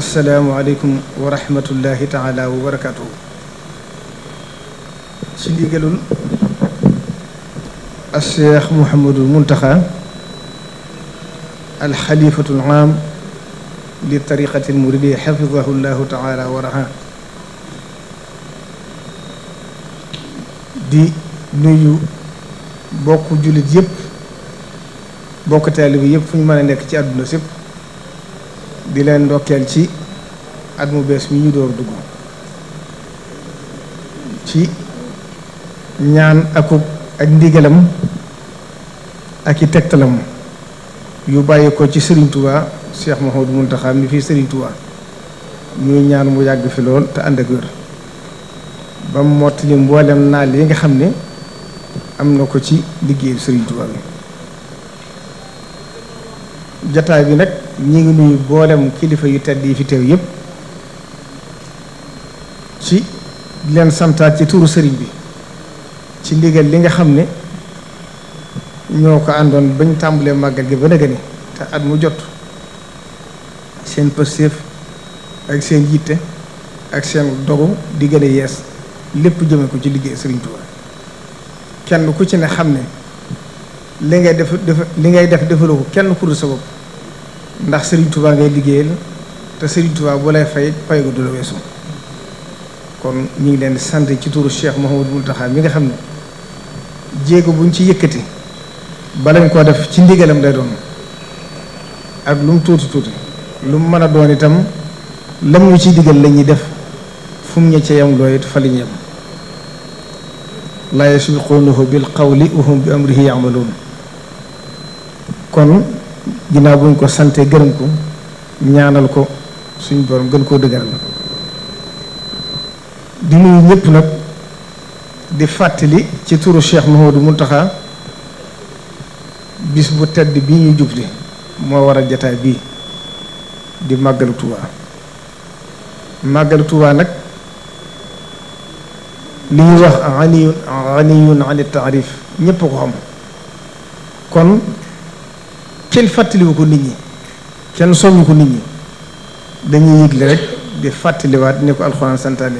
asalaamualeykum wa rahmatullahi taala wa barakatuhu ci ndigalul al cheikh mouhamadul muntaxa alxalifatu l aam li tariqati lmuridi xafidahu llahu taala wa raha di nuyu bokk jullit yëpp bokk taalibi yëpp fu ñu mën a nekk ci àdduna sépp di leen ndokkeel ci at mu bees mi ñu door dugg ci ñaan akub ak ndigalam ak i tegtalam yu bàyyi ko ci Serigne Touba Cheikh Mouhamadou Mountakha mi fii Serigne Touba ñaan mu yàgg fi lool te ànd ba mu mottali mboolem naal yi nga xam ne am na ko ci liggéey Serigne bi jataay bi nag ñi ngi nuyu boolem kilifa yi tedd yi fi teew yëpp ci leen santaat ci tuuru sëriñ bi ci ndigal li nga xam ne ñoo ko àndoon bañ tàmbalee màggal gi ba nag ni te at mu jot seen pëstéef ak seen yitte ak seen dogu di gën a yees lépp jëme ko ci liggéey Sëriñ Tuubaa kenn ku ci ne xam ne li ngay def def li ngay def defaloo ko kenn ku dul sa ndax Serigne Touba ngay liggéeyal te Serigne Touba bu lay fay fay du la weesu kon ñu ngi leen di sant ci turu Cheikh Mouhamadou Mountakha mi nga xam ne jéego buñ ci yëkkati balañ koo def ci ndigalam day doon ak lu mu tuuti tuuti lu mu mën a doon itam lam ñu ciy digal la ñuy def fu mu ña ca yam looy it fa liñ yam laa yasbiquunahu bil qawli wa hum bi amrihi ya'maluun kon ginnaaw bu ñu ko santee gërëm ko ñaanal ko suñu borom gën koo dëgëral di nuyu ñëpp nag di fàttali ci turu Cheikh Mouhamadou Mountakha bis bu tedd bi ñu jubli moo war a jataay bii di màggalu Tuubaa màggalu Tuubaa nag li ñuy wax aniyun aniyun ani taarif ñëpp ko xam kon kenn fàttaliwu ko nit ñi kenn soññu ko nit ñi dañuy yëgle rek di fàttaliwaat ni ko alxuraan santaane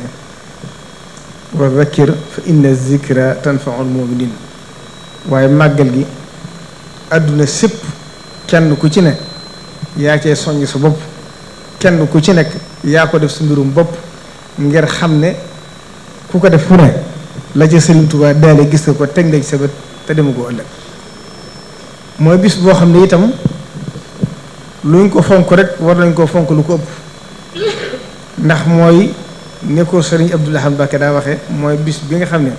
wa zakir fa inna zikra tanfaul muminin waaye màggal gi àdduna sépp kenn ku ci ne yaa cee soññ bopp kenn ku ci nekk yaa ko def sa mbirum bopp ngir xam ne ku ko def fu ne la ca Sëriñ Tuubaa daale gis nga ko teg na ci te dema ko ëllëg mooy bis boo xam ne itam luñ ko fonk rek war nañ koo fonk lu ko ëpp ndax mooy ne sëriñ Abdou Lahad Mbacké daa waxee mooy bis bi nga xam ne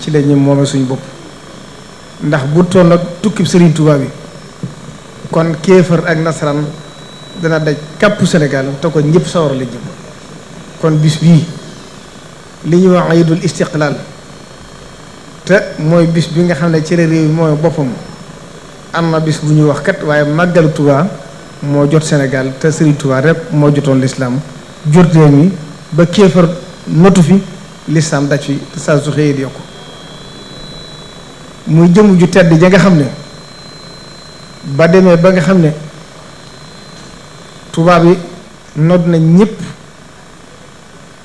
ci la ñu moomee suñu bopp ndax bu toon nag tukki sëriñ Touba yi kon kéefër ak nasaraan dana daj kàppu Sénégal te ko ñëpp sawar la jëm kon bis bii li ñuy wax ayidul istiqlaal te mooy bis bi nga xam ne ci réew mi mooy boppam am na bis bu ñuy wax kat waaye màggalu Tuubaa moo jot senegal te Serigne Touba rek moo jotoon lislaam jot réew mi ba kéefar notu fi lislaam daj fi te saa su xëyee di yokku muy jëm ju tedd ja nga xam ne ba demee ba nga xam ne tubaab bi not na ñépp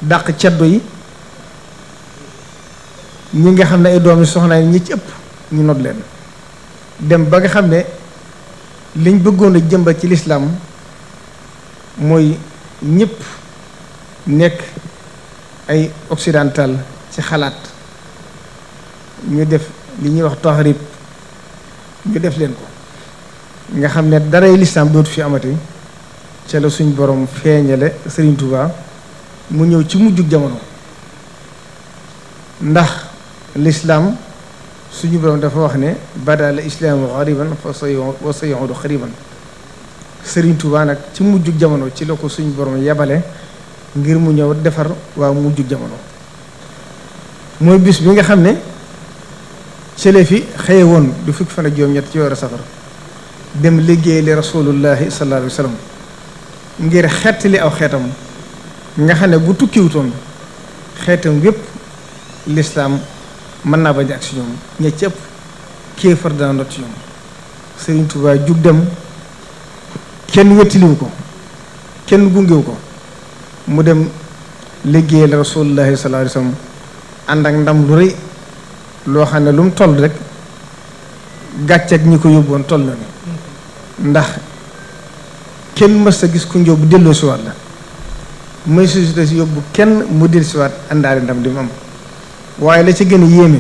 dàq ceddo yi ñu nga xam ne ay doomi soxna ñi ci ëpp ñu nodd leen dem ba nga xam ne liñ bëggoon a jëmbat ci lislaam mooy ñëpp nekk ay occidental ci xalaat ñu def li ñuy wax tahrib ñu def leen ko nga xam ne daray lislaam dootu fi amati ca la suñ borom feeñale sëriñ Touba mu ñëw ci mujjug jamono ndax lislaam suñu borom dafa wax ne bada la islaamu xariban fa say wa sayudu xariban sëriñ nag ci mujjug jamono ci la ko suñu borom yabale ngir mu ñëw defar waa mujjug jamono mooy bis bi nga xam ne cële fi xëye woon du fukk fan ak ñett ci weeru safar dem liggéey li rasulullahi sallallahu alayhi wa sallam ngir xettali aw xeetam nga xam ne bu tukkiwutoon xeetam yépp lislaam mën naa bañ ak si ñoom ña ci ëpp kéefar dana ndot ci ñoom Serigne Touba jug dem kenn wettiliwu ko kenn gungewu ko mu dem liggéeyal rasulullahi sallallahu alayhi wasallam ànd ak ndam lu rëy loo xam ne lu mu toll rek gàcceeg ñi ko yóbboon toll na ni ndax kenn mës a gis ku bu delloo siwaat la may société si yóbbu kenn mu dellusiwaat àndaari ndam di mu am waaye la ci gën a yéeme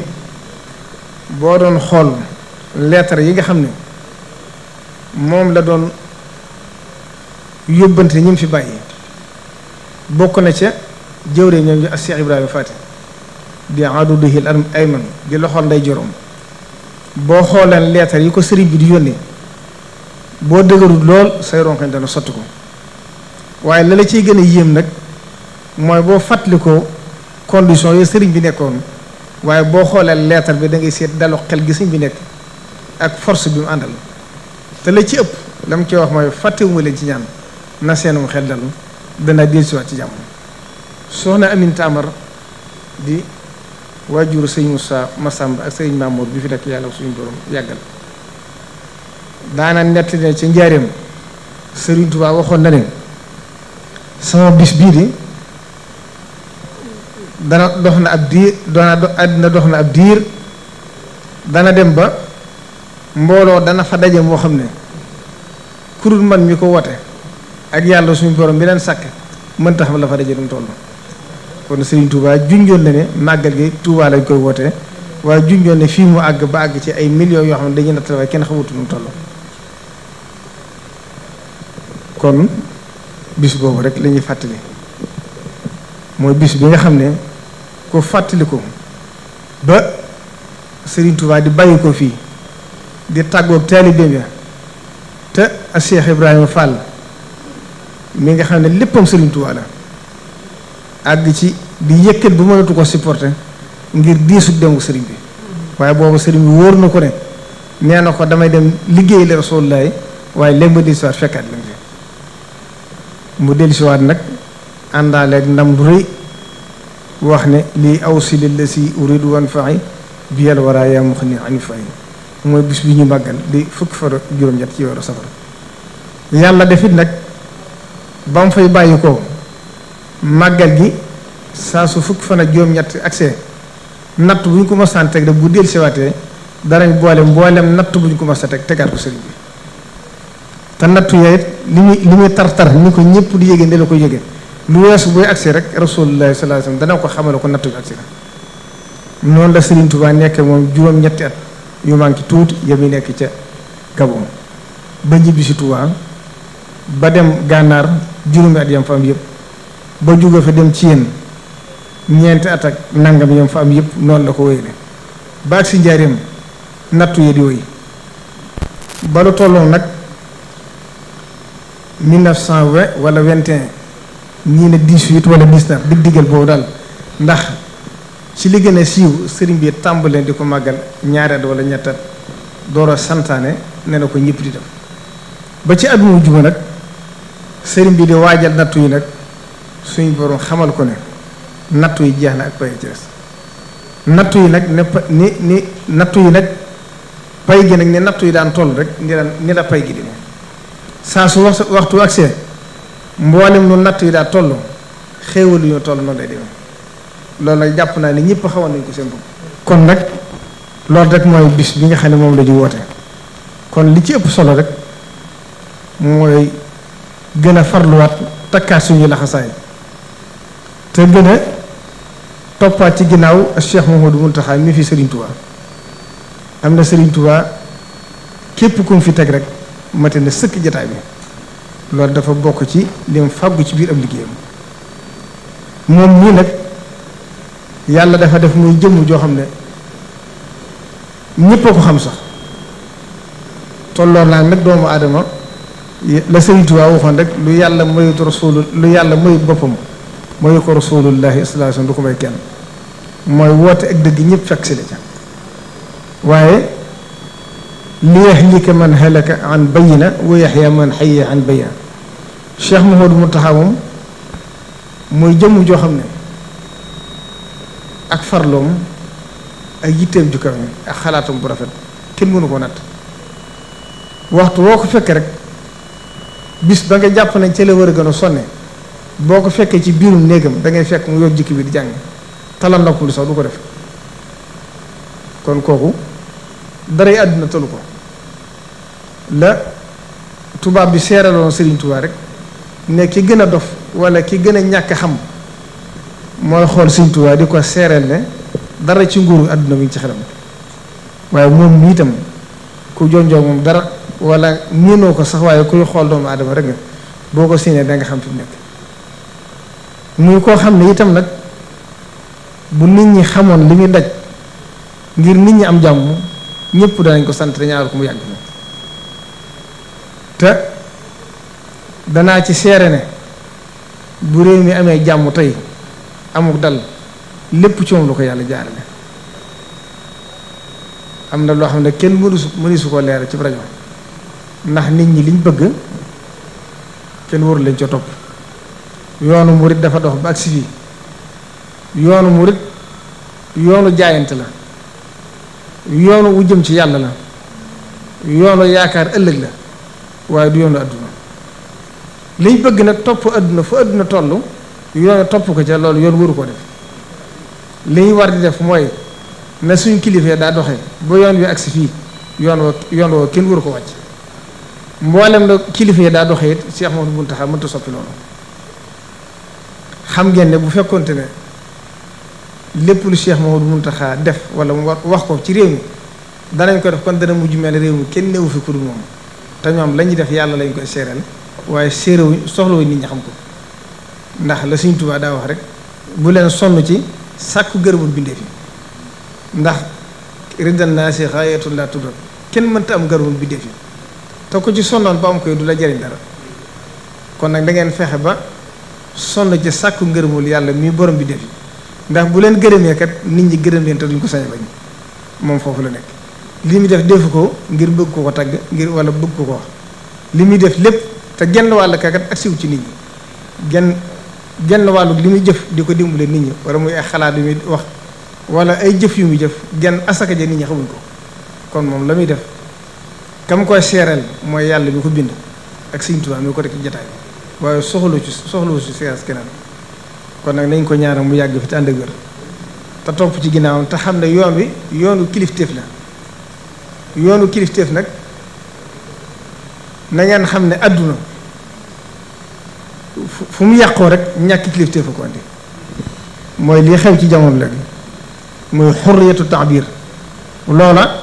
boo doon xool lettre yi nga xam ne moom la doon yóbbante ñi mu fi bàyyi bokk na ca jëwre ñoom ji ak Cheikh Ibrahima Fati di aduduhil di loxol nday joroom boo xooleen leetar yi ko sëriñ bi di yónnee boo dëgëru lool say ronkañ dana sotti ko waaye la la ciy gën a yéem nag mooy boo fàttalikoo condition yooyu sëriñ bi nekkoon waaye boo xoolee leetar bi dangay seet dalu xel gi bi nekk ak force bi mu àndal te la ci ëpp la mu ci wax mooy fàttewuma leen ci ñaan na seenum xel dalu danaa dellusiwaat ci jàmm soxna Amin Tamar di waajuru sëñ Moussa Massamba ak sëñ Mamour bi fi nekk yàlla suñu borom yàggal daana nett ne ci njaareem Sëriñ Tuubaa waxoon na ne sama bis bii de dana dox na ab diir dana àddina dox na ab diir dana dem ba mbooloo dana fa daje moo xam ne kurul man mi ko wote ak yàlla suñu borom bi leen sàkk mënta xam la fa daje dum toll kon Serigne Touba junjoon màggal gi Touba lañ koy woote waaye junjoon ne fii mu ci ay millions yoo xam ne dañuy nattale waaye kenn xamutu nu toll kon bis boobu rek lañuy ñuy fàttali mooy bis bi nga xam ne ko fàttaliku ba Serigne Touba di bàyyi ko fii di tàggoog taalibeem ya te a Cheikh Ibrahima Fall mi nga xam ne léppam Serigne Touba la àgg ci di yëkkat bu mënatu ko supporter ngir diisu demu Serigne bi waaye boobu Serigne bi wóor na ko ne nee na ko damay dem liggéey la Rasulullaay waaye léegi ma dellusiwaat fekkaat la mu dellusiwaat nag àndaaleeg ndam lu wax ne lii awsil allasi uridu wan fayi bi yàlla war a yaa mu xam ne ani fayi mooy bis bi ñu màggal di fukk fan juróom-ñett ci weeru safar yàlla it nag ba mu fay bàyyi ko màggal gi saa su fukki fan ak juróom-ñett accès natt ko mos a teg rek bu dellu siwaatee danañ boole mboolem natt bu ñu ko mos a teg tegaat ko sëriñ bi te nattu yooyu it li muy li muy tar tar ni ko ñëpp di yége ne la ko yége lu weesu booy agsi rek rasulullahi sallallahu alayhi wasallam dana ko xamal ko natt bi agsi na noonu la Serigne Touba nekk moom juróom-ñetti at yu manqué tuuti yami nekk ca Gabon ba ñibbi si Touba ba dem gànnaar juróomi at yam fa am yëpp ba jóge fa dem ci yéen ñeenti at ak nangam yam fa am yëpp noonu la ko wéyale ba agsi njaareem nattu yi di wéy ba lu tolloon nag 1920 wala 21 ñii ne 18 wala 19 dig digal boobu daal ndax ci li gën a siiw sëriñ bi tàmbalee di ko màggal ñaari at wala door a santaane ne na ko ñëpp di def ba ci at mu juba nag sëriñ bi di waajal nattu yi nag suñu borom xamal ko ne nattu yi jeex na ak pay ci nattu yi nag ne ni ni nattu yi nag pay gi nag ne nattu yi daan toll rek ni la ni pay gi di moom saa su wax waxtu accès mboolem nu natt yi daa toll xéewal yu ñu toll noonu lay demee loolu nag jàpp naa ne ñëpp xawoon nañ ko seen bopp kon nag loolu rek mooy bis bi nga xam ne moom la ñu woote kon li ci ëpp solo rek mooy gën a farluwaat takkaat suñuy laxasaay te gën a toppaat ci ginnaaw Cheikh Mouhamadou Mountakha mi fi Serigne Touba am na Serigne képp ku mu fi teg rek mate na sëkk jataay bi loolu dafa bokk ci lim fàggu ci biir ab liggéeyam moom mii nag yàlla dafa def muy jëmm joo xam ne ñëpp a ko xam sax tolloon naa nag doomu aadama la Sëriñ Tuubaa waxoon rek lu yàlla mayut rasul lu yàlla mayut boppam mayu ko rasulullahi sallallahu alayhi wasallam du ko may kenn mooy woote ak dëgg ñëpp fekk si la ca waaye liyahlika man halaka an bayina wa yaxya man xayya an bayina Cheikh Mouhamadou Mountakha moom mooy jëmm joo xam ne ak farloom ak yitteem ju kawe ak xalaatam bu rafet kenn mënu ko natt waxtu woo ko fekkee rek bis ba nga jàpp ne ci la war a gën a sonne boo ko fekkee ci biirum néegam da ngay fekk mu yor jikki bi di jàng talal noppalu sax du ko def kon kooku daray àdduna talu ko la tubaab bi seeraloon Serigne Touba rek ne ki gën a dof wala ki gën a ñàkk xam mooy xool Sëriñ Tuubaa di ko seereel ne dara ci nguuru àdduna bi ci xelam waaye moom mii itam ku jonjoo moom dara wala ñeenoo ko sax waaye kuy xool doomu aadama rek nga boo ko siinee da nga xam ti mu nekk muy koo xam ne itam nag bu nit ñi xamoon li muy daj ngir nit ñi am jàmm ñëpp danañ ko sant ñaanal ko mu yàgg te danaa ci seere ne bu réew mi amee jàmm tey amuk dal lépp ci moom la ko yàlla jaarale am na loo xam ne kenn mënu su mënu su ko leeral ci rajo ndax nit ñi liñ bëgg kenn waru lañ ca topp yoonu murit dafa dox ba agsi fii yoonu murit yoonu jaayante la yoonu wu jëm ci yàlla la yoonu yaakaar ëllëg la waaye du yoonu àdduna liñ bëgg nag topp adduna fu adduna toll yoon topp ko ca loolu yoon waru koo def li ñu war di def mooy na suñ kilifee daa doxee ba yoon wi agsi fii yoon woo yoon woo kenn waru ko wàcc mboolem na yi daa doxee it Cheikh Mouhamadou Mountakha mënta xam ngeen ne bu fekkonte ne lépp lu Cheikh Mouhamadou Mountakha def wala mu wax ko ci réew mi danañ ko def kon dana mujj mel réew mi kenn newu fi ku moom te ñoom la def yàlla lañ koy seereel waaye séeréwuñ soxlawuñ nit ñi xam ko ndax la Sëriñ Tuubaa daa wax rek bu leen sonn ci sàkku gërëmul bindee fi ndax riddal naa si xaayatul laa tuddal kenn mënta am gërëmul bindee yi te ko ci sonnoon ba am koy du la jariñ dara kon nag da ngeen fexe ba sonn ci sàkku ngërëmul yàlla mi borom bindee fi ndax bu leen gërëmee kat nit ñi gërëm leen te duñ ko sañ bañ moom foofu la nekk li muy def defu ko ngir bëgg ko ko tagg ngir wala bëgg ko ko wax li muy def lépp te genn wàll kakat siw ci nit ñi genn genn wàllu li muy jëf di ko dimbale nit ñi wala muy ay xalaat yu muy wax wala ay jëf yu muy jëf genn asaka ja nit ñi xamuñ ko kon moom la muy def kam koy seereel mooy yàlla bi ko bind ak Sëriñ Tuubaa mi ko rek jotaay jataay waaye soxlu ci soxlu ci seeras keneen kon nag nañ ko ñaanal mu yàgg fi te ànd ak wér te topp ci ginnaawam te xam ne yoon bi yoonu kilifteef la yoonu kilifteef nag na ngeen xam ne àdduna fu mu yàqoo rek ñàkk kilifteef fa ko andi mooy li xew ci jamono léegi mooy xurriyatu taabir loola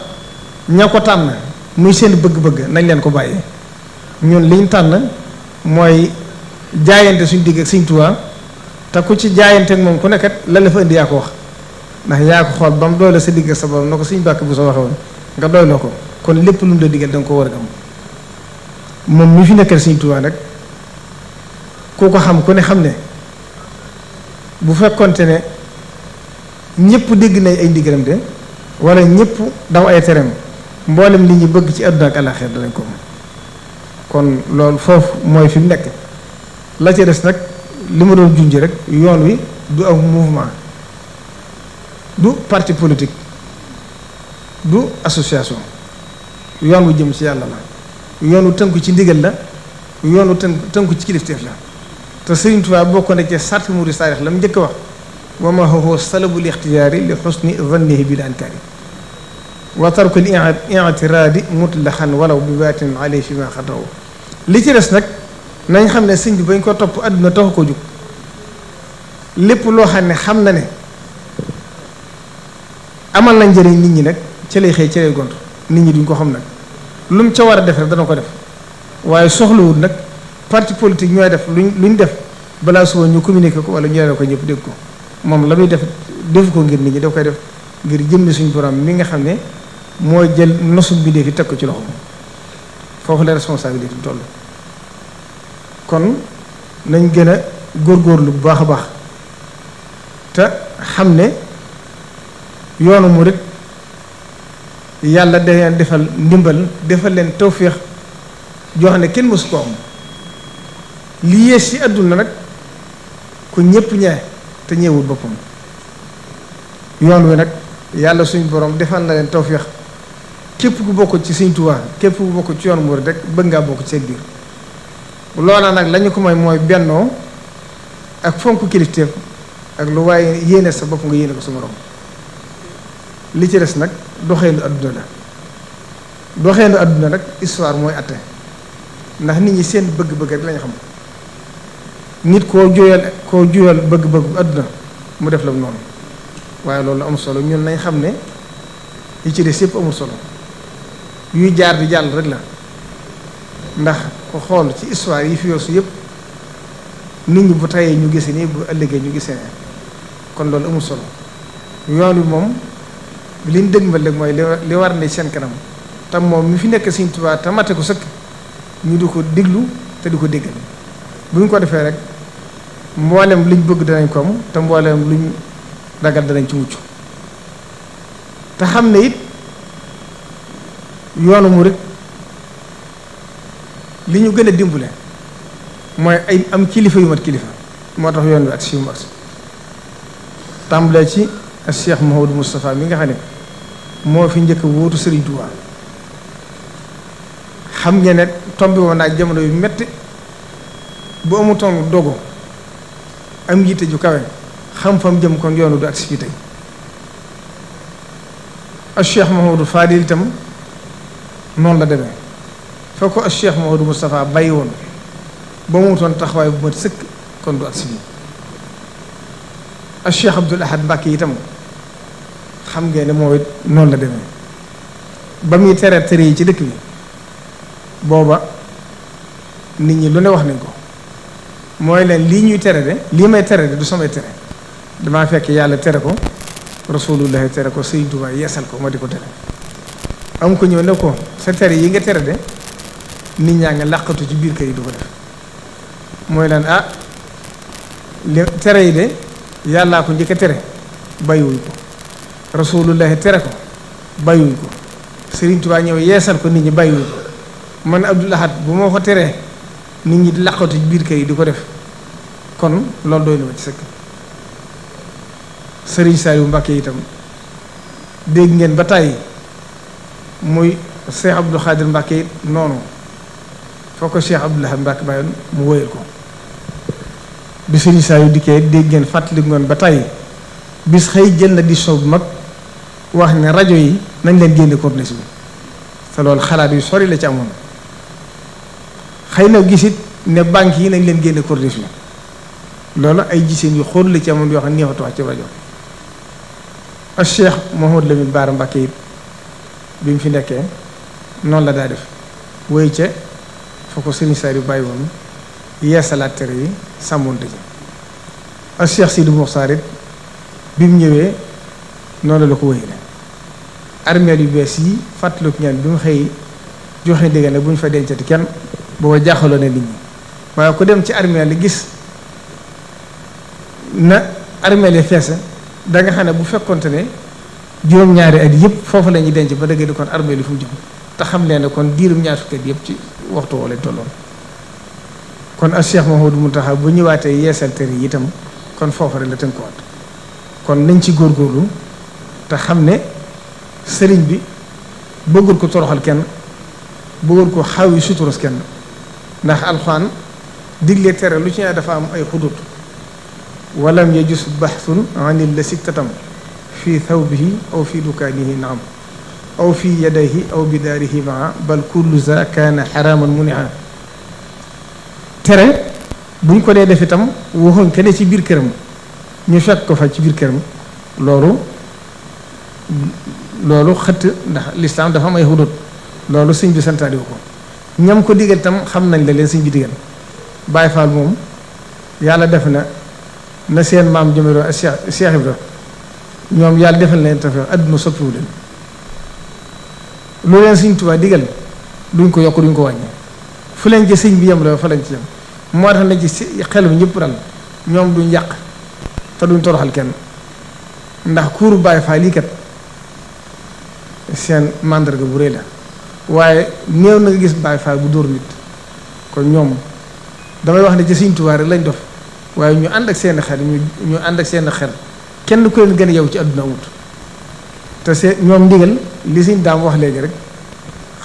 ña ko tànn muy seen bëgg-bëgg nañ leen ko bàyyi ñun liñ tànn mooy jaayante suñ digg ak Sëñ Tuubaa te ku ci jaayante ak moom ku nekkat la la fa indi yaa ko wax ndax yaa ko xool ba mu doole sa digg ak sa borom na ko suñ bàkk bu sa waxee woon nga doyloo ko kon lépp lu mu la diggal da nga ko war a am moom mu fi nekkal Sëñ tuwaa nag kooko xam ku ne xam ne bu fekkonte ne ñëpp dégg nañ ay ndigalam de wala ñëpp daw ay tereem mboolem li ñu bëgg ci àdduna ak àllaaxira danañ ko kon loolu foofu mooy fi mu nekk la ca des nag li ma doon junj rek yoon wi du aw mouvement du parti politique du association yoon wu jëm ci yàlla la yoon wu tënku ci ndigal la yoon wu tënku tënku ci kilifteef la te Sëriñ Tuubaa bokk na ci sarti muri saarix la mu njëkk wax wa ma huwa salabul ixtiyaari li xusni zannihi bil ankaari wa tarkul i'tiraadi mutlaqan walaw bi baatin alayhi fi ma xadraw li ci des nag nañ xam ne sëñ bi ko topp àdduna taxu ko jóg loo xam ne xam na ne amal na njëriñ nit ñi nag ci lay xëy ci lay nit ñi duñ ko xam nag lu ca war a def rek ko def waaye soxlawul nag parti politique ñooy def luñ luñ def balaa suba ñu communiqué ko wala ñu yore ko ñëpp dégg ko moom la muy def def ko ngir nit ñi da koy def ngir jëmmi suñu borom mi nga xam ne mooy jël nosu bindee fi teg ko ci loxo foofu la responsabilité toll. kon nañ gën a góor góor bu baax a baax te xam ne yoonu murit yàlla da defal ndimbal defal leen tawféex joo xam ne kenn mësu ko am. li yées ci àdduna nag ku ñépp ñee te ñeewul boppam yoon wi nag yàlla suñu boroom defal na leen tawféex képp ku bokk ci suñu Tuubaa képp ku bokk ci yoon murid rek bëgg ngaa bokk ci seen biir loola nag lañu ñu ko may mooy bennoo ak fonk kilifteef ak lu waaye yéene sa bopp nga yéene ko sa morom li ci des nag doxeenu àdduna la doxeenu àdduna nag histoire mooy atte ndax nit ñi seen bëgg-bëgg rek lañu xam nit koo juyal koo juyal bëgg-bëggu àdduna mu def la noonu waaye loolu am solo ñun nañ xam ne yi ci des yëpp amul solo yuy jaar di jàll rek la ndax ko xool ci histoire yi fi yoosu yëpp nit ñi bu tayee ñu gise nii bu ëllëgee ñu gise ne kon loolu amul solo yoon wi moom li ñu dëgmal rek mooy li war ne seen kanam tam moom mi fi nekk Sëriñ Tuubaa te mate ko sëkk ñu di ko déglu te di ko déggal bu ñu ko defee rek mboolem liñ bëgg danañ koom te mboolem luñ ragal danañ ci mucc te xam ne it yoonu rek li ñu gën a dimbale mooy ay am kilifa yu kilifa moo tax yoon wi ak si yu mat tàmbalee ci Cheikh Mouhamadou Moustapha mi nga xam ne moo fi njëkk wóotu Serigne Touba xam ngeen ne tombé woon naa jamono yu metti bu amutoon dogo am yitte ju kawe xam fam jëm kon yoonu du ak si fii tey ak Cheikh Mahamadou Fadil la demee foo ko ak Cheikh Mahamadou Moustapha bàyyi woon ba mu wutoon taxawaay bu mat sëkk kon du ak si fii ak Cheikh Abdoul Ahad Mbacke itam xam ngeen ne moo it noonu la demee ba muy tere tere yi ci dëkk bi booba nit ñi lu ne wax nañ ko. mooy leen lii ñuy tere de lii may tere de du samay tere damaa fekk yàlla tere ko rasulullah tere ko Sëriñ Tuubaa yeesal ko ma di ko tere ko ñëw ne ko sa yi nga tere nit ñaa ngi làqatu ci biir kër yi du ko def mooy leen ah li tere yi de ko njëkk a tere bàyyiwuñ ko rasulullah tere ko bàyyiwuñ ko Sëriñ Tuubaa ñëw yeesal ko nit ñi bàyyiwuñ ko man Abdul Ahad bu ma ko teree nit ñi di laqatu ci biir kër yi di ko def kon loolu doy na ma ci sëkk sëriñ Saliou Mbacké itam dégg ngeen ba tàyyi muy Cheikh Abdou Khadir Mbacké noonu foo ko Cheikh Abdou Lahad Mbacké bàyyoon mu wóyal ko bi sëriñ Saliou dikkee dégg ngeen fàttali ngoon ba tàyyi bis xëy jël na décision bu mag wax ne rajo yi nañ leen génne corniche bi te loolu xalaat yu sori la ci amoon xëy na gisit ne banques yi nañ leen génne cotisation loolu ay giseen yu xool la ci amoon yoo xam ne neexatu wax ci rajo ak Cheikh Mouhamadou Lamine Bara Mbacke it bi mu fi nekkee noonu la daa def wéy ca fa ko sëriñ Saar yu bàyyi woon yeesalaat tere yi sàmmoon dëgg ak Cheikh Sidi Moukhtar it bi mu ñëwee noonu la ko wéyale armeel yu bees yi fàttaliku ñaan bi mu xëy joxe dégg ne bu ñu fa dencati kenn boo jaaxaloon ne nit ñi waaye ku dem ci armeel li gis na armeel yi feese da nga xam ne bu fekkonte ne juróom-ñaari at yëpp foofu la ñuy denc ba dëgg di kon armeel yi fu te xam leen ne kon diirum ñaar fukki yëpp ci waxtu woo lañ tolloon kon as cheikh Mahoudou Mountakha ñëwaatee yeesal tër yi itam kon foofu rek la tënkuwaat kon nañ ci góor góorlu te xam ne sëriñ bi bëggul ko toroxal kenn bëggul ko xaw yi suturos kenn. ndax alxuraan digle tere lu ci ne dafa am ay xudut walam yajus baxsun anil la sittatam fi thawbihi aw fi dukaanihi naam aw fi yadayhi aw bidaarihi maa bal kullu za kaana xaraaman munia tere buñ ko dee def itam waxuñ ke ne ci biir këram ñu fekk ko fa ci biir këram loolu loolu xëtt ndax lislaam dafa am ay xudut loolu sëñ bi santaaniwu ko ñam ko digal tam xam nañ la leen sëñ bi digal Baye Fall moom yàlla defe na na seen maam jëméroo ak Cheikh Cheikh Ibra ñoom yàlla defal leen tafe adduna soppiwu leen lu leen sëñ Tuubaa digal duñ ko yokk duñ ko wàññi fu leen ci sëñ bi yem la fa lañ ci yem moo tax na ci xel bi ñëpp dal ñoom duñ yàq te duñ toroxal kenn ndax kuuru Baye Fall yi kat seen màndarga bu rëy la waaye néew na nga gis Baay Faal bu dóor nit kon ñoom damay wax ne ci Sëriñ Tuubaa lañ dof waaye ñu ànd ak seen xel ñu ñu ànd ak seen xel kenn ku leen gën a yow ci àdduna amut te see ñoom ndigal li Sëriñ Daam wax léegi rek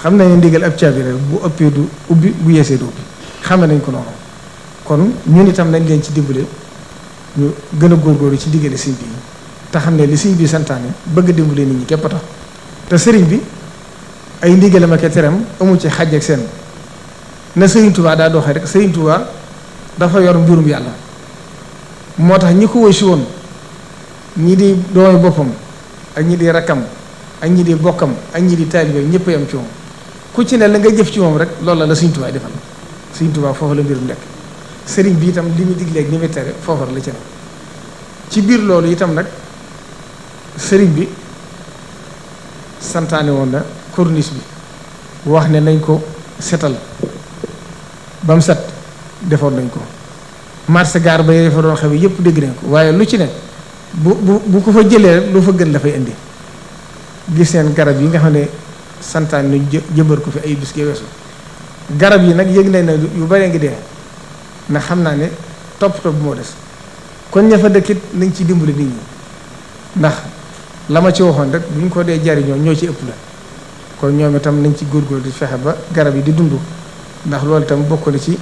xam nañu ndigal ab caabi rek bu ëppee du ubbi bu yeesee du ubbi xame nañ ko noonu kon ñun itam nañ leen ci dimbale ñu gën a góor góor góorgóorlu ci diggale sëriñ bi te xam ne li sëriñ bi santaane bëgg dimbale nit ñi képp a tax te sëriñ bi ay ndigalam ak teram amu ci xàjj ak seen na Sëriñ Tuubaa daa doxee rek Sëriñ Tuubaa dafa yor mburum yàlla moo tax ñi ko wëysi woon ñi di doomi boppam ak ñi di rakkam ak ñi di bokkam ak ñi di taalibeem ñëpp yam ci moom ku ci ne la nga jëf ci moom rek loolu la la Sëriñ Tuubaa defal Sëriñ Tuubaa foofu la mbirum nekk sëriñ bi itam li mu digleeg ni mu tere foofu la ci ne ci biir loolu itam nag sëriñ bi santaane woon na korniis bi wax ne nañ ko setal bam set defoon nañ ko marché gaar ba yee fa doon xew yëpp dégg nañ ko waaye lu ci ne bu bu bu ko fa jëlee rek lu fa gën dafay indi gis seen garab yi nga xam ne santaan ñu jëmbar ko fi ay bis gee garab yi nag yëg nañ ne yu baree ngi dee na xam naa ne toppatoo bu moo des kon ña fa dëkkit nañ ci dimbali nit ñi ndax la ma ci waxoon rek bu ñu ko dee jariñoo ñoo ci ëpp la kon ñoom itam nañ ci góorgóorlu di fexe ba garab yi di dund ndax loolu itam bokk na ci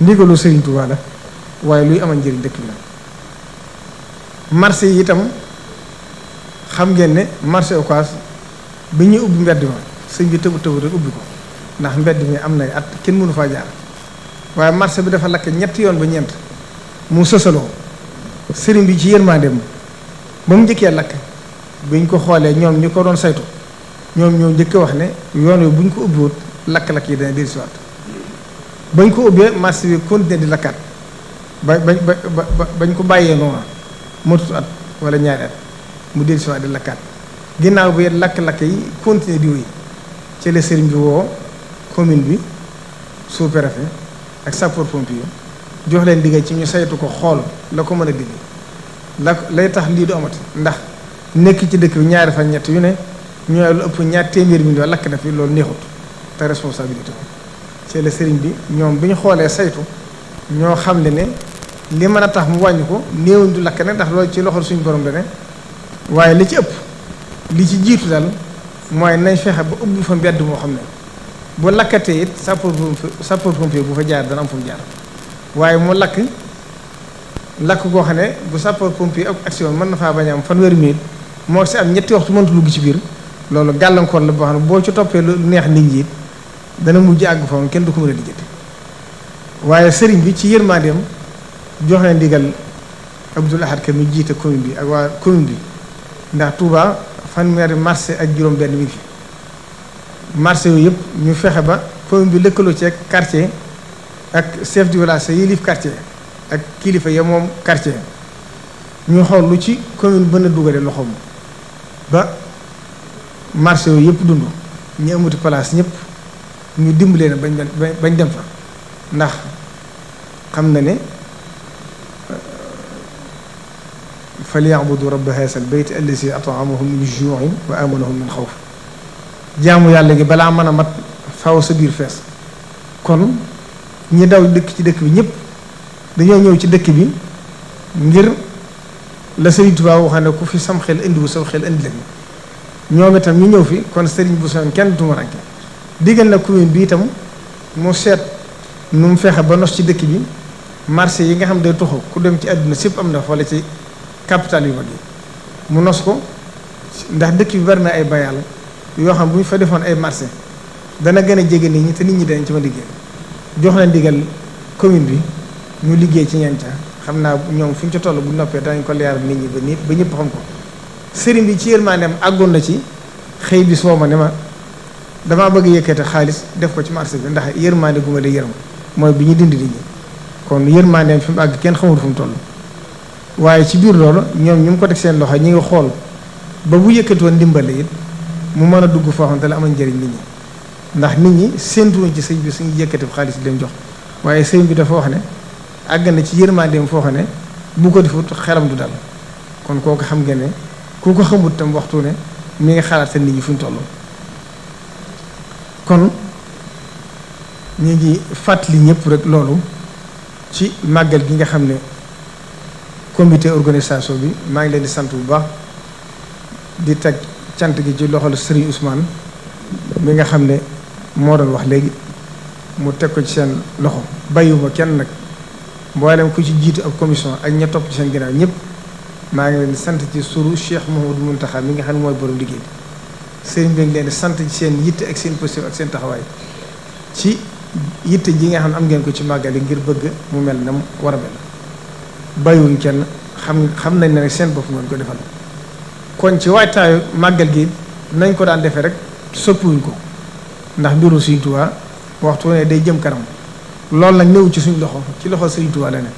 ndigalu Sëriñ waaye luy amal njëriñ dëkk bi la marché yi itam xam ngeen ne marché Ocass bi ñu ubbi mbedd ma sëñ bi tëbu tëbu rek ubbi ko ndax mbedd mi am na at kenn mënu faa jaar waaye marché bi dafa lakk ñetti yoon ba ñeent mu sësaloo sëriñ bi ci yërmandeem ba mu njëkkee lakk biñ ko xoolee ñoom ñu ko doon saytu ñoom ñoo njëkk wax ne yoon wi buñ ko ubbiwut lakk-lakk yi dana dellu si waat bañ ko ubbee marché bi continué di lakkaat ba ba ba bañ ko bàyyee noonu motut at wala ñaari at mu dellu si waat di lakkaat ginnaaw bi lakk-lakk yi continué di wéy ci la sëriñ bi woo commune bi sous-préfet ak sapeur pompier jox leen liggéey ci ñu saytu ko xool la ko mën a dindi la lay tax lii du ndax nekk ci dëkk bi ñaari fan ñett yu ne. ñu lu ëpp ñaar téeméer million lakk na fi loolu neexut te responsabilité ci la sëriñ bi ñoom bi ñu xoolee saytu ñoo xam ne ne li mën a tax mu wàññi ko néewuñ du lakk ne ndax loolu ci loxol suñu borom dane waaye li ci ëpp li ci jiitu daal mooy nañ fexe ba ubbi fa mbedd moo xam ne bu lakkatee it sapeur-pompier bu fa jaar dana am fu mu jaar waaye mu lakk lakk goo xam ne bu sapeur-pompier ak action mën na faa bañ a am fanweeri minute moo si am ñetti waxtu mëntu dugg ci biir loolu gàllankoor la boo xam ne boo ci toppee lu neex nit ñi dana mujj àgg foofu kenn du ko mën a lijjati waaye sëriñ bi ci yërmandeem jox na ndigal Abdoul Ahad Ka mi jiite commune bi ak waa commune bi ndax Touba fanweeri marché ak juróom-benn mi fi marché yooyu yëpp ñu fexe ba commune bi lëkkaloo ci ak quartier ak chef du village yilif quartier ak kilifa ya moom quartier ñu xool lu ci commune bën a dugale loxoom ba. marché yooyu yëpp dund ñu amati place ñëpp ñu dimbali leen bañ bañ dem fa ndax xam na ne falyabudu rabba haasal bayt allazi atamahum min juin wa amanahum min xawf jaamu yàlla gi balaa mën a mat faw sa biir fees kon ñi daw dëkk ci dëkk bi ñëpp dañoo ñëw ci dëkk bi ngir la Sëriñ Tuubaa waxee ne ku fi sam xel indiwu sam xel indi la ñoom itam ñu ñëw fi kon sëriñ bu soon kenn du ma rànke digal na commune bi itam mu seet nu mu fexe ba nos ci dëkk bi marché yi nga xam day tuxu ku dem ci àdduna sépp am na wala ci capital yu mag yi mu nos ko ndax dëkk bi bari na ay bayal yoo xam bu ñu fa defoon ay marché dana gën a jege nit ñi te nit ñi dañ ci ma liggéey jox na ndigal commune bi ñu liggéey ci ñeent xam naa ñoom fi ñu ci toll bu noppee danañ ko leer bi nit ñi ba nit ba ñëpp xam ko. sëriñ bi ci yërmandeem àggoon na ci xëy bi woo ma ne ma damaa bëgg yëkkate xaalis def ko ci marché bi ndax yërmande gu ma day yërëm mooy bi ñu dindi nit kon yërmandeem fi mu àgg kenn xamul fu mu toll ci biir loolu ñoom ñu ngi ko teg seen loxo ñu ngi xool ba bu yëkkatoo ndimbal it mu mën a dugg foo xam te la amal njëriñ nit ñi ndax nit ñi séentuwuñ ci sëñ bi suñu yëkkati xaalis di jox waaye sëñ bi dafa wax ne àgg na ci yërmandeem foo xam ne bu ko defut xelam du dal kon kooku xam nga ne ku ko xamut tam waxtu ne mi ngi xalaat seen nit ñi fu ñu toll kon ñu ngi fàttali ñëpp rek loolu ci màggal gi nga xam ne comité organisation bi maa ngi leen di sant bu baax di teg cant gi ci loxol Serigne Ousmane mi nga xam ne moo doon wax léegi mu teg ko ci seen loxo bàyyiwuma kenn nag mboolem ku ci jiitu ak commission ak ña topp ci seen ginnaaw ñëpp. maa ngi leen di sant ci suru Cheikh Mouhamadou Mountakha mi nga xam ne mooy borom liggéey sëriñ bi leen di sant ci seen yitt ak seen positif ak seen taxawaay ci yitte ji nga xam ne am ngeen ko ci màggal yi ngir bëgg mu mel na mu war a mel bàyyiwuñ kenn xam xam nañ ne rek seen bopp ngeen ko defal kon ci waajtaayu màggal gi nañ ko daan defee rek soppiwuñ ko ndax mbiru Sëriñ Tuubaa waxtu ne day jëm kanam loolu nag néew ci suñu loxo ci loxo Sëriñ Tuubaa la ne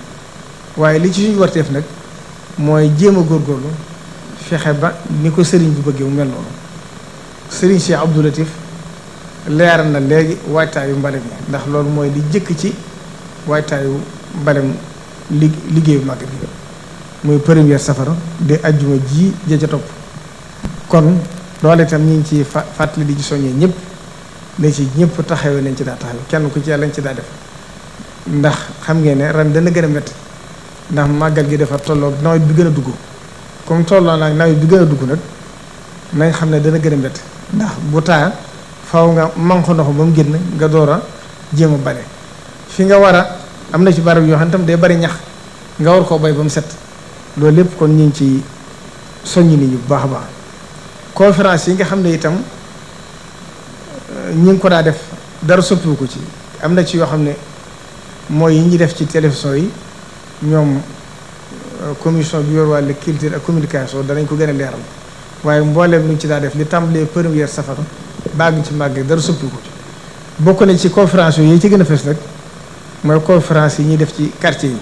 waaye li ci suñ warteef nag. mooy jéem a góorlu fexe ba ni ko sëriñ bu bëggee mu mel noonu sëriñ Cheikh Abdou Latif na léegi waajtaayu mbalem yi ndax loolu mooy li jëkk ci waajtaayu mbalem li liggéeyu mag bi muy première safara di ajjuma ji ja ca topp kon loolu itam ñu ngi ci fàttali di ci soññee ñëpp ne ci ñëpp taxawee nañ ci daa taxawee kenn ku ci yàlla lañ ci daa def ndax xam ngeen ne ren dana gën a ndax màggal gi dafa tolloog nawet bi gën a dugg comme tolloo nag nawet bi gën a dugg nag nañ xam ne dana gën a métti ndax bu taa faaw nga manqué ndox ba mu génn nga door a jéem a bale fi nga war a am na ci barab yoo xam ne tam day bari ñax nga war koo bay ba mu set loolu lépp kon ñu ngi ci soññi nit ñi bu baax a baax conférence yi nga xam ne itam ñi ngi ko daa def dara soppiwu ko ci am na ci yoo xam ne mooy yi ñuy def ci télévision yi ñoom euh, commission bi yor wàllu culture ak communication danañ ko gën a leeral waaye mbooleem luñ ci daa def li tàmbalee première safar ngi ci màgg dara suppi ko ci bokk na ci conférence yi ci gën a fes nag mooy conférence yi ñuy def ci quartier yi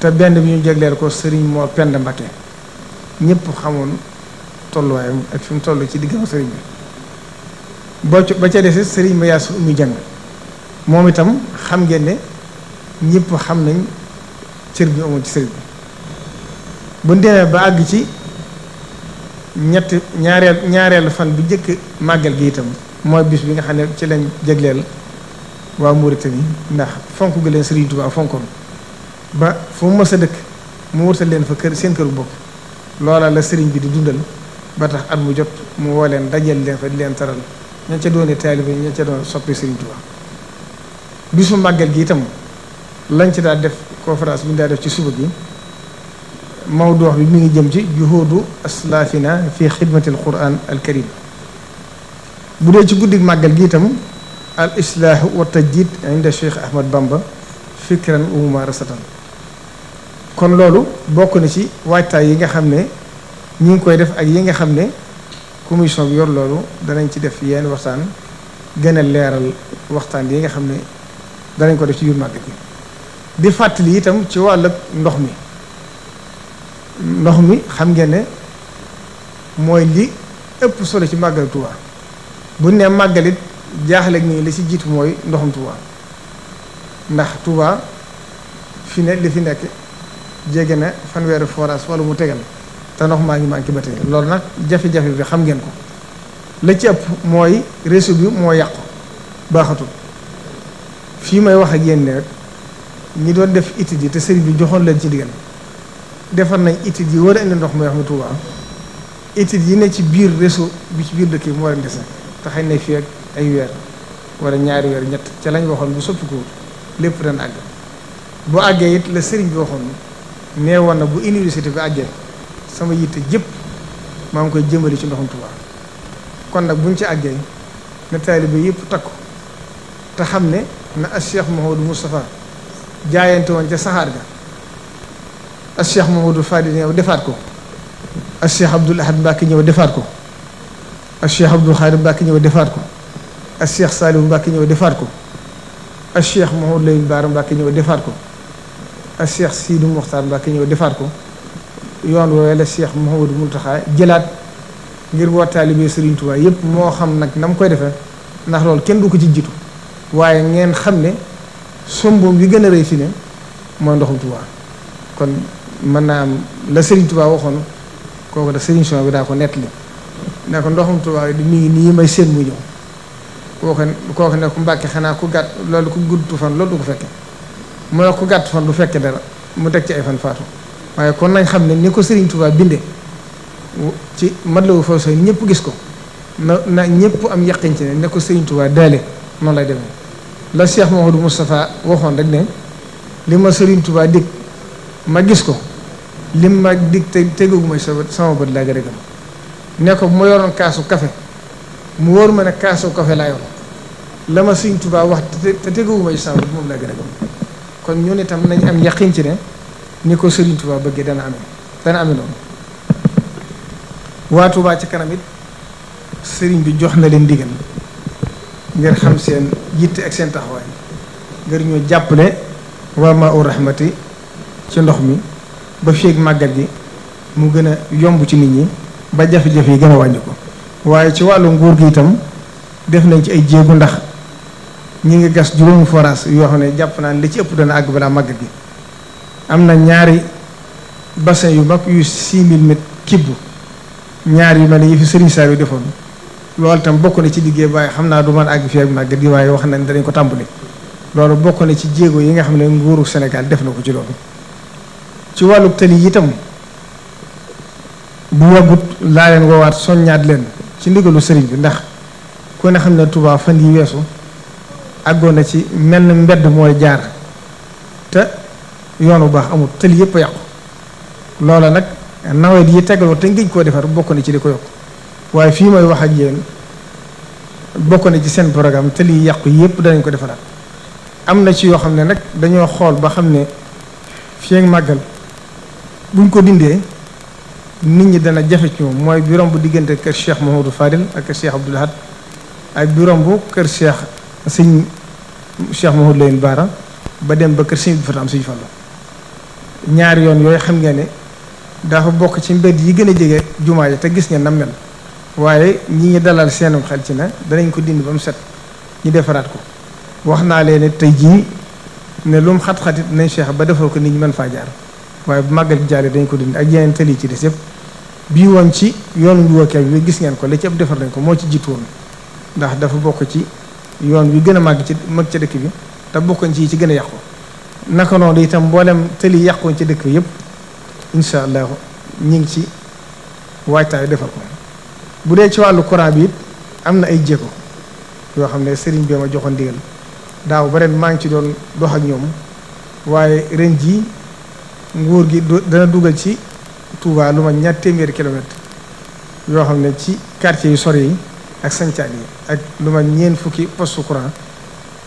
te benn bi ñu jagleel ko Serigne moo Penda Mbakke ñëpp xamoon tolluwaay ak fi mu toll ci diggam Serigne bi boo ci ba ca des Serigne Mayaas uñu Dieng moom itam xam ngeen ne ñëpp xam nañ. cër bi amoon ci sëriñ bi bu ñu ba àgg ci ñett ñaareel ñaareelu fan bi njëkk màggal gi itam mooy bis bi nga xam ne ci lañ jégleel waa Mauritanie ndax fonk gi leen Sëriñ Tuubaa fonkoon ba foo mu mës dëkk mu wërtal leen fa kër seen këru bopp loola la sëriñ bi di dundal ba tax at mu jot mu woo leen dajal leen fa di leen taral ña ca doone taalibe ña ca doon soppi Sëriñ Tuubaa bisu màggal gi itam lañ ci daal def conférence bi ñu daa def ci suba gi mawdu wax bi mi ngi jëm ci juhudu aslafina fi xidmati alquran al karim bu dee ci guddig màggal gi itam al islaahu wa tajjid inda Cheikh Ahmad Bamba fikran wa mumarasatan kon loolu bokk na ci waajtaay yi nga xam ne ñi ngi koy def ak yi nga xam ne commission bi yor loolu danañ ci def yenn waxtaan gën a leeral waxtaan yi nga xam ne danañ ko def ci yur màgg gi di fàttali itam ci wàllug ndox mi ndox mi xam ngeen ne mooy li ëpp solo ci màggal Tuubaa bu ne màggalit jaaxle nii li ci jiitu mooy ndoxum Tuubaa ndax Tuubaa fi ne li fi nekk jege na fanweeri forage wala mu tegal te ndox maa ngi manqué ba tey loolu nag jafe-jafe bi xam ngeen ko la ci ëpp mooy réseau bi moo yàqu baaxatul fii may wax ak yéen rek ñi doon def étude yi te sëriñ bi joxoon leen ci digal defar nañ étude yi war a indi ndox mu wax mu Touba étude yi ne ci biir réseau bi ci biir dëkk yi mu war a dese te xëy na fii ak ay weer wala ñaari weer ñett ca lañ waxoon bu soppiku lépp ren àgg boo àggee it la sëriñ bi waxoon nee woon na bu université bi àggee sama yitte jëpp maa ngi koy jëmbali ci ndoxum Touba kon nag buñ ci àggee na taalibe yëpp takku te xam ne na as Cheikh Mouhamadou jaayante woon ca saxaar ga ak Cheikh Mamadou Fadil ñëw defaat ko ak Cheikh Abdoul Ahad ñëw defaat ko ak Cheikh Abdoul Khadr Mbacke ñëw defaat ko ak Cheikh Saliou Mbacke ñëw defaat ko ak Cheikh Mamadou Lamine ñëw defaat ko ak Cheikh Sidou Mokhtar Mbacke ñëw defaat ko yoon woowee la Cheikh Mamadou Mountakha jëlaat ngir woo taalibe Serigne Touba yëpp moo xam nag na mu koy defee ndax loolu kenn du ko ci jiitu waaye ngeen xam ne. somboom bi gën a rëy fi ne mooy ndoxum Tuubaa kon mën naa am la Serigne Touba waxoon kooku da Serigne Souhaïbou bi daa ko nettali ne ko ndoxum Tuubaa yi mi ngi nii may séen mu ñëw kooku kooku ne ku Mbàkke xanaa ku gàtt loolu ku gudd fan loolu du ko fekke mu ne ku gàtt fan du fekke dara mu teg ci ay fan faatu waaye kon nañ xam ne ni ko Serigne Touba bindee ci mat la wu fa ñëpp gis ko na na ñëpp am yaqin ci ne ne ko Serigne Touba daale noonu lay demee. la Cheikh Mamadou Moustapha waxoon rek ne li ma Serigne Touba dig ma gis ko li ma dig te tegagu ma sama bët laa gërëm ne ko bu ma yoroon kaasu kafe mu wóor ma ne kaasu kafe laa yor la wax te tegagu ma sama kon ñun itam nañu am yaqin ci ne ni ko Serigne Touba bëggee dana amee dana amee noonu waa Touba ci kanam it sëriñ bi jox na leen ndigal ngir xam seen. yitte ak seen taxawaay ngir ñu jàppale waa ma u rahmati ci ndox mi ba feeg màggal gi mu gën a yomb ci nit ñi ba jafe-jafe yi gën a wàññi ko waaye ci wàllu nguur gi itam def nañ ci ay jéegu ndax ñi ngi gas juróomi forage yoo xam ne jàpp naa li ci ëpp dana àgg balaa màggal gi am na ñaari bassin yu mag yu six mille mètres kibb ñaar yu mel ne yi fi Serigne Sarr yu defoon loolu itam bokk na ci liggéey waaye xam naa du man àgg fii ak màgg di waaye wax nañ dañ ko tàmbali loolu bokk na ci jéego yi nga xam ne nguuru Sénégal def na ko ci loolu ci wàllu tali yi itam bu yàggut laa leen woowaat soññaat leen ci ndigalu sëriñ bi ndax ku ne xam ne Tuubaa fan yi weesu àggoon na ci menn mbedd mooy jaar te yoon bu baax amul tali yëpp yàqu loola nag nawet yi tegaloo te ngëj koo defar bokk na ci li ko yokk waaye fii may wax ak yéen bokk na ci seen programme te liy yàqu yépp danañ ko defaraat am na ci yoo xam ne nag dañoo xool ba xam ne fii ak màggal buñ ko dindee nit ñi dana jafe ci moom mooy bi romb diggante kër Cheikh Mahamadou Fadil ak kër Cheikh Abdoul Ahad ak bi romb kër Cheikh sëñ Cheikh Mahamadou Layine Bara ba dem ba kër sëñ bi fa am sëñ Fallu ñaari yoon yooyu xam ngeen ne dafa bokk ci mbedd yi gën a jege jumaa yi te gis ngeen na mel waaye ñi ngi dalal seenum xel ci ne danañ ko dind ba mu set ñu defaraat ko wax naa leen ne tey jii ne lu xat-xatit nañ fexe ba defar ko nit ñi man faa jaar waaye bu màggal jaaree dañ ko dind ak yeneen tali ci des yëpp bii woon ci yoonu njuwakeel bi gis ngeen ko la ci ëpp defar nañ ko moo ci jiitu woon ndax dafa bokk ci yoon bi gën a màgg ci mag ci dëkk bi te bokkoon ci yi ci gën a yàqu naka noonu itam mboolem tëli yàqoon ci dëkk bi yëpp incha allah ñu ngi ci waajtaay defar bu dee ci wàllu courant bi it am na ay jéego yoo xam ne sëriñ bi ma joxoon ndigal daaw ba ren maa ngi ci doon dox ak ñoom waaye ren jii nguur gi dana dugal ci Touba lu ma ñaar téeméeri kilomètre yoo xam ne ci quartier yu sore yi ak sancaan yi ak lu ma ñeent fukki poste courant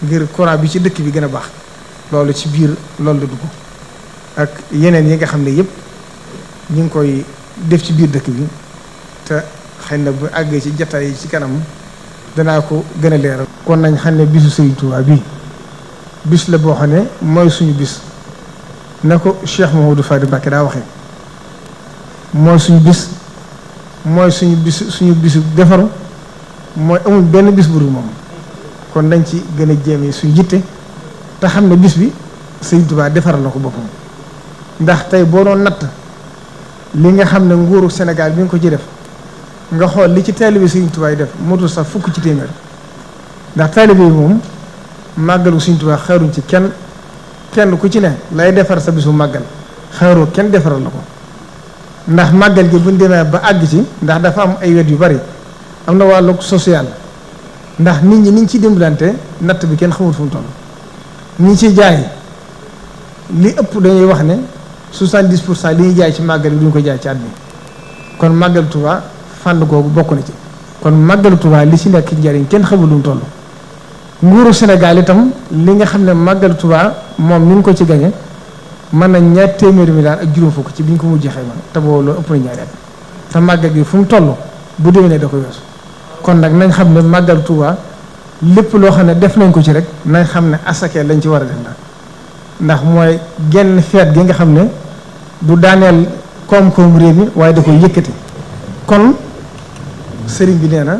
ngir courant bi ci dëkk bi gën a baax loolu ci biir loolu la dugg ak yeneen yi nga xam ne yëpp ñu ngi koy def ci biir dëkk bi te xëy na bu àggee ci jataay yi ci kanam danaa ko gën a leeral. kon nañ xam ne bisu Sëriñ Tuubaa bii bis la boo xam ne mooy suñu bis na ko Cheikh Mamadou Fadi Mbacké daa waxee mooy suñu bis mooy suñu bis suñu bisu defaru mooy amul benn bis bu dul moom kon nañ ci gën a jéeme suñ jitte te xam ne bis bi Sëriñ Tuubaa defaral na ko boppam ndax tey boo doon natt li nga xam ne nguuru Sénégal bi nga ko ci def nga xool li ci taalibe Sëriñ Tuubaa yi def motul sax fukk ci téeméer ndax taalibe moom màggalu Sëriñ Tuubaa ci kenn kenn ku ci ne lay defar sa bisu màggal xaaroo kenn defaral la ko ndax màggal gi buñ demee ba àgg ci ndax dafa am ay wet yu bari am na wàllu social ndax nit ñi niñ ci dimbalante natt bi kenn xamul fu mu toll ñi ci jaay li ëpp dañuy wax ne soixante-dix pour cent li ñuy jaay ci màggal bi duñ koy jaay ci at kon màggal Tuubaa fànn googu bokk na ci kon màggalu Tuubaa li ci nekk njariñ kenn xamul lu mu toll nguuru Sénégal itam li nga xam ne màggalu tubaa moom ni ñu ko ci gañe mën na ñaar téeméeri milliard ak juróom fukk ci bi ñu ko mujjee xayma te boobu loolu ëpp na ñaari te gi fu mu toll bu déwénee da ko kon nag nañ xam ne màggalu Tuubaa lépp loo xam ne def nañ ko ci rek na xam ne asakee lañ ci war a def ndax mooy genn feet gi nga xam ne du daaneel koom-koom réew mi waaye da koy yëkkati kon sëriñ bi nee na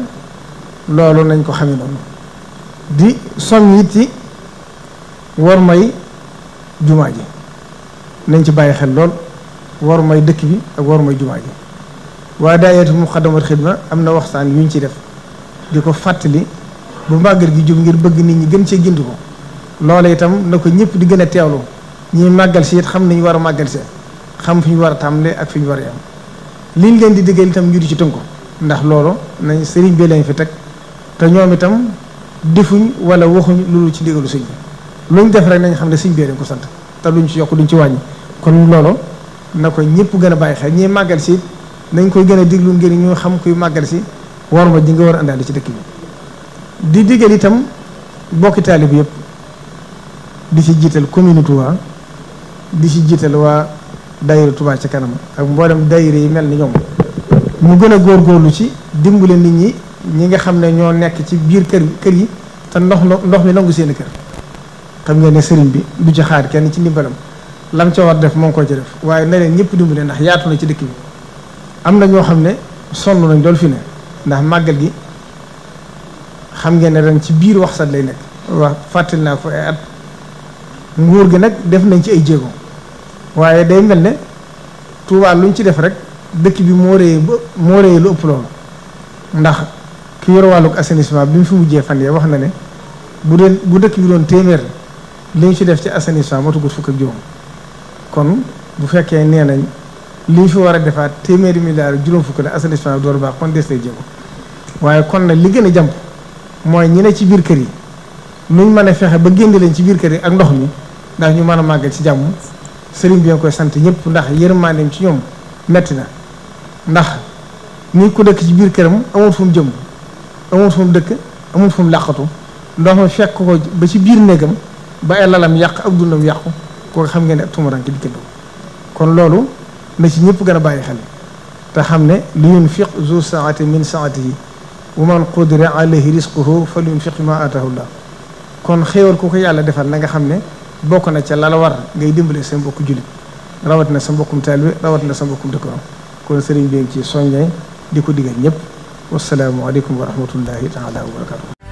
loolu nañ ko xamee noonu di soñ it ci war may jumaa ji nañ ci bàyyi xel lool war may dëkk bi ak war may jumaa ji waaye daayatu muqaddamat xidma am na waxtaan yuñ ci def di ko fàttali bu màggal gi jub ngir bëgg nit ñi gën cee gindi ko loola itam na ko ñëpp di gën a teewlu ñuy màggal si it xam nañu war a màggal see xam fi ñu war a tàmbalee ak fi ñu war a yem liñ leen di diggal itam ñu ci ci ko ndax loolu nañu sëriñ bi lañ fi teg te ñoom itam defuñ wala waxuñ loolu ci ndigalu sëñ bi luñ def rek nañ xam ne siñ bi lañ ko sant te luñ ci yokk duñ ci wàññi kon loolu na ko ñëpp gën a bàyyi xel ñiy màggal si nañ koy gën a diglu ngir ñu xam kuy màggal si war ma ji nga war a di ci dëkk bi di digal itam bokki taalib yëpp di ci jiital commune Touba di ci jiital waa daayira Touba ci kanam ak mboolem daayira yi mel ni ñoom mu gën a góor góorlu ci dimbale nit ñi ñi nga xam ne ñoo nekk ci biir kër kër yi te ndox ndox mi nangu seeni kër xam ngeen ne sëriñ bi du ci kenn ci ndimbalam lam ca war def moo ngi ko def waaye na ñëpp dimbale ndax yaatu ci dëkk am na ñoo xam ne sonn nañ dool ndax màggal gi xam ngeen ne ci biir wax sat lay nekk wax fàttali naa ko ay at nguur gi nag def nañ ci ay jéego waaye day mel ne Tuubaa luñ ci def rek dëkk bi moo rëy ba moo rëy lu ëpp loolu ndax ki yor wàllug assainissement bi mu fi mujjee fan yee wax na ne bu dee bu dëkk bi doon téeméer li ñu fi def ci assainissement matagut fukk ak juróom kon bu fekkee nee nañ li ñu fi war a defaat téeméeri milliards juróom fukk la assainissement bi door baax kon des na jéego waaye kon nag li gën a jàmp mooy ñi ne ci biir kër yi nuñ mën a fexe ba génne leen ci biir kër yi ak ndox mi ndax ñu mën a màggal ci jàmm sëriñ bi koy sant ñëpp ndax yërmandeem ci ñoom metti na ndax ni ku dëkk ci biir këram amul fu mu jëm amul fu dëkk amul fu mu làqatu ndox mi fekk ko ba ci biir néegam ba ay lalam yàq ak dundam yàqu koo xam ngeen ne ak tumuranke dikkandoo kon loolu na ci ñëpp gën a bàyyi xel te xam ne lu li yunfiq zu saati min saatihi wa man qudira alayhi risquhu fa li yunfiq ma atahu llah kon xéewal ku ko yàlla defar na nga xam ne bokk na ca la la war ngay dimbale sa mbokku jullit rawat na sa mbokkum taalibe rawat sa mbokkum dëkkoon kon sëriñ bi ci soññe di ko digal ñëpp wasalaamualeykum wa rahmatullahi taala wa barakatu